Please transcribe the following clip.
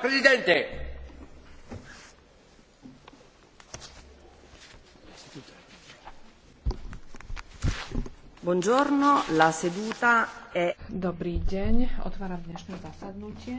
Presidente! Buongiorno, la seduta è... Dobrý deň, otváram dnešné zasadnutie.